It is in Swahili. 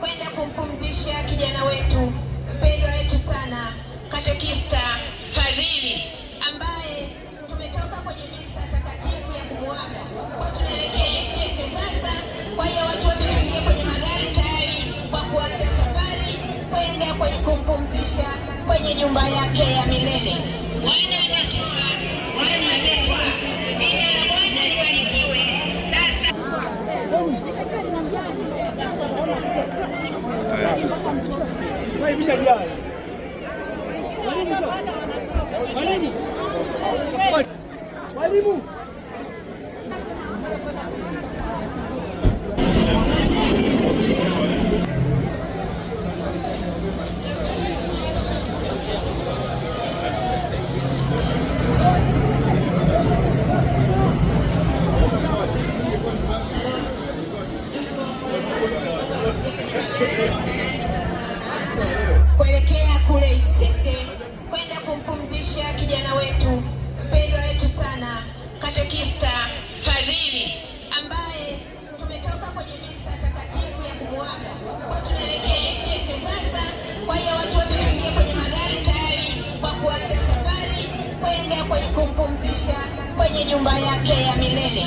kwenda kumpumzisha kijana wetu mpendwa wetu sana katekista Fadhili ambaye tumetoka kwenye misa takatifu ya kumwaga kwa tunaelekea sisi sasa. Kwa hiyo watu wote tuingie kwenye magari tayari kwa kuanza safari kwenda kwenye kumpumzisha kwenye nyumba yake ya milele. imeshajaa mwalimu, mwalimu kuelekea kule Isese kwenda kumpumzisha kijana wetu mpendwa wetu sana katekista Fadhili ambaye tumetoka kwenye misa takatifu ya kumwaga kwa, tunaelekea Isese sasa. Kwa hiyo watu wote tuingie kwenye magari tayari kwa kuanza safari kwenda kwenye kumpumzisha kwenye nyumba yake ya milele.